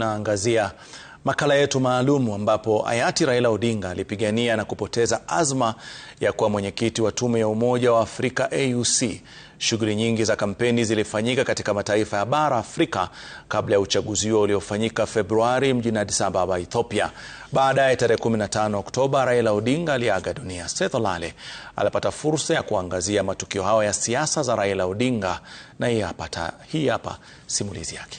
tunaangazia makala yetu maalum ambapo hayati Raila Odinga alipigania na kupoteza azma ya kuwa mwenyekiti wa tume ya Umoja wa Afrika AUC. Shughuli nyingi za kampeni zilifanyika katika mataifa ya bara Afrika kabla ya uchaguzi huo uliofanyika Februari mjini Addis Ababa, Ethiopia. Baadaye tarehe 15 Oktoba, Raila Odinga aliaga dunia. Seth Olale alipata fursa ya kuangazia matukio hayo ya siasa za Raila Odinga na hii hapa simulizi yake.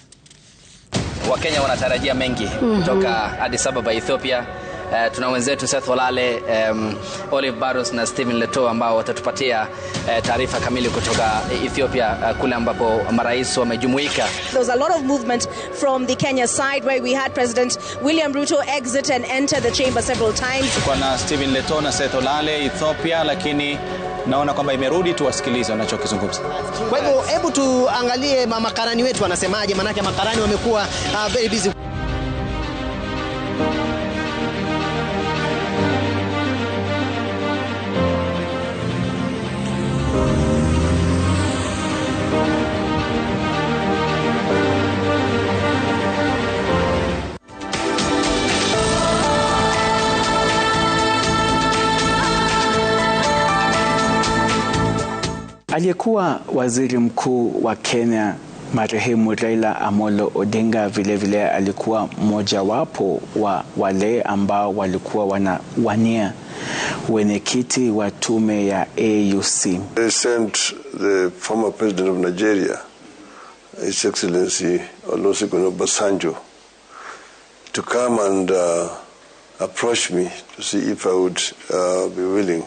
Wakenya wanatarajia mengi mm -hmm. kutoka Addis Ababa Ethiopia. Uh, tuna wenzetu Seth walale um, Olive Barros na Stephen Leto ambao watatupatia uh, taarifa kamili kutoka Ethiopia uh, kule ambapo marais wamejumuika. There was a lot of movement from the Kenya side where we had President William Ruto exit and enter the chamber several times. Kwa na Stephen Leto na Seth Olale Ethiopia, lakini naona kwamba imerudi, tuwasikilize wanachokizungumza. Kwa hivyo hebu tuangalie makarani wetu wanasemaje, maanake makarani wamekuwa uh, very busy. Aliyekuwa waziri mkuu wa Kenya marehemu Raila Amolo Odinga vilevile vile alikuwa mmojawapo wa wale ambao walikuwa wanawania wenyekiti wa tume ya AUC. They sent the former president of Nigeria His Excellency Olusegun Obasanjo to come and uh, approach me to see if I would uh, be willing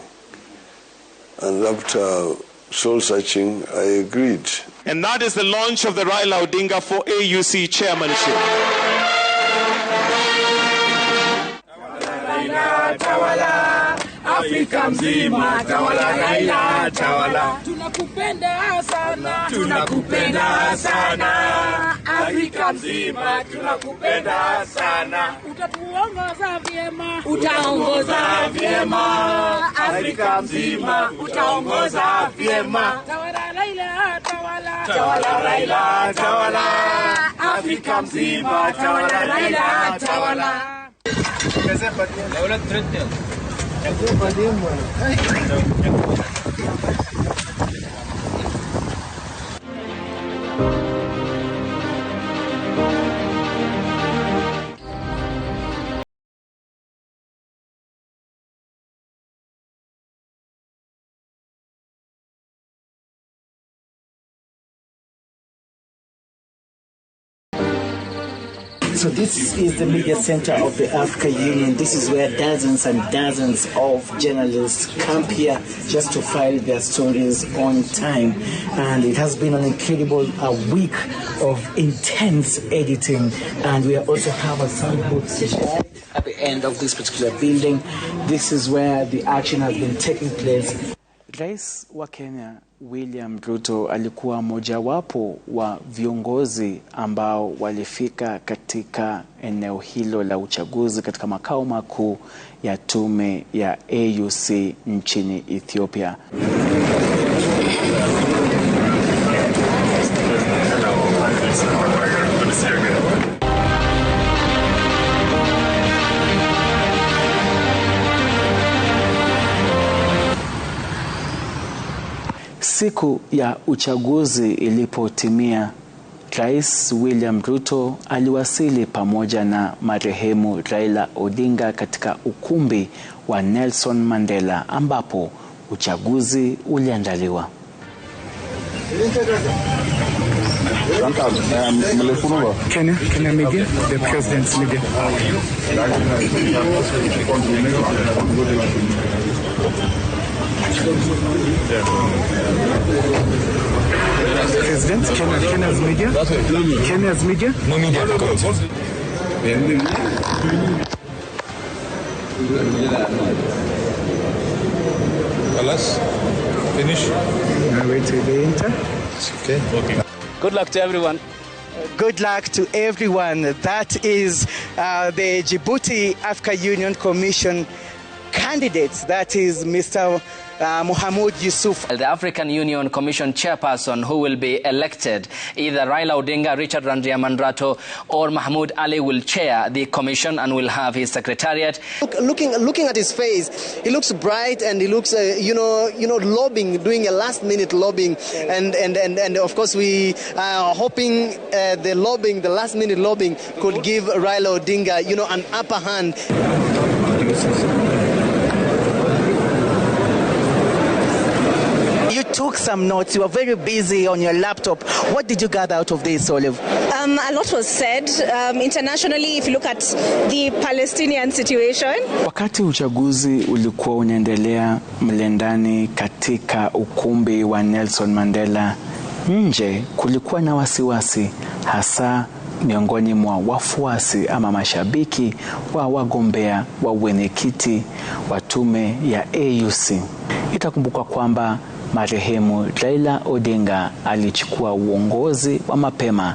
and after soul searching, I agreed. And that is the launch of the Raila Odinga for AUC chairmanship. mzima tawala, Raila tawala, tunakupenda sana, tunakupenda sana, Afrika mzima tunakupenda sana, utatuongoza vyema, utaongoza vyema, Afrika mzima utaongoza vyema, tawala Raila, tawala, Afrika mzima tawala Raila, tawala. Devlet Türk'ten. Yakın badiyim var. Thank you. So this is the media center of the Africa Union. This is where dozens and dozens of journalists come here just to file their stories on time. And it has been an incredible week of intense editing. And we also have a sound at the end of this particular building. This is where the action has been taking place Rais wa Kenya William Ruto alikuwa mojawapo wa viongozi ambao walifika katika eneo hilo la uchaguzi katika makao makuu ya tume ya AUC nchini Ethiopia. Siku ya uchaguzi ilipotimia, Rais William Ruto aliwasili pamoja na marehemu Raila Odinga katika ukumbi wa Nelson Mandela ambapo uchaguzi uliandaliwa. President, Kenya, Kenya's media? Kenya's media? No media. Alas, finish. Now wait till the Good luck to everyone good luck to everyone. That is uh, the Djibouti Africa Union Commission candidates, that is Mr. Uh, Mohamed Yusuf. The African Union Commission chairperson who will be elected, either Raila Odinga, Richard Mandrato, or Mahmoud Ali will chair the commission and will have his secretariat. Look, looking, looking at his face, he looks bright and he looks, uh, you know, you know, lobbying, doing a last-minute lobbying, and, and, and, and of course we are hoping uh, the lobbying, the last-minute lobbying, could give Raila Odinga, you know, an upper hand. took some notes. You were very busy on your laptop. What did you gather out of this, Olive? Um, a lot was said. Um, internationally, if you look at the Palestinian situation. Wakati uchaguzi ulikuwa unaendelea mlendani katika ukumbi wa Nelson Mandela, nje kulikuwa na wasiwasi hasa miongoni mwa wafuasi ama mashabiki wa wagombea wa uwenyekiti wa tume ya AUC. Itakumbukwa kwamba marehemu Raila Odinga alichukua uongozi wa mapema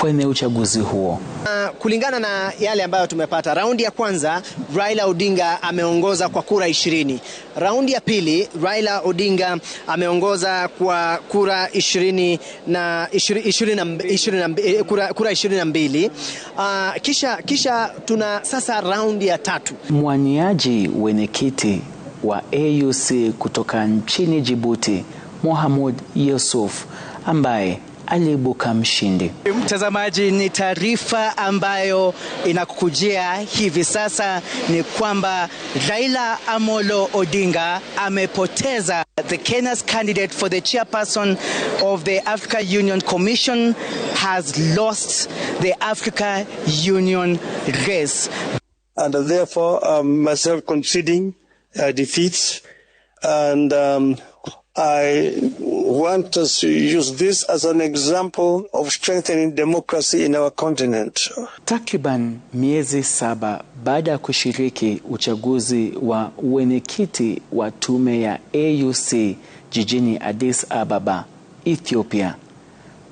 kwenye uchaguzi huo. Uh, kulingana na yale ambayo tumepata, raundi ya kwanza Raila Odinga ameongoza kwa kura ishirini. Raundi ya pili Raila Odinga ameongoza kwa kura ishirini na, eh, kura, kura ishirini na mbili. Uh, kisha, kisha tuna sasa raundi ya tatu mwaniaji wenye kiti wa AUC kutoka nchini Djibouti, Mohamud Yusuf ambaye aliibuka mshindi. Mtazamaji, ni taarifa ambayo inakukujia hivi sasa ni kwamba Raila Amolo Odinga amepoteza the Kenya's candidate for the chairperson of the Africa Union Commission has lost the Africa Union race and therefore um, myself conceding uh, defeats. And um, I want us to use this as an example of strengthening democracy in our continent. Takriban miezi saba baada ya kushiriki uchaguzi wa wenyekiti wa tume ya AUC jijini Addis Ababa, Ethiopia,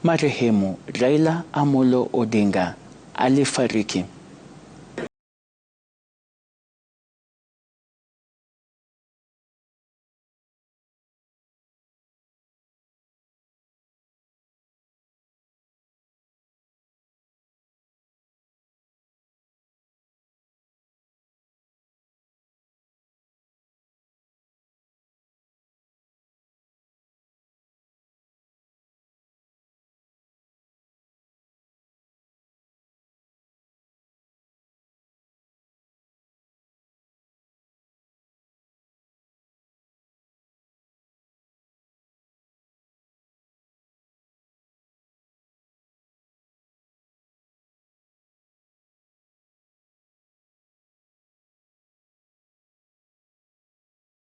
marehemu Raila Amolo Odinga alifariki.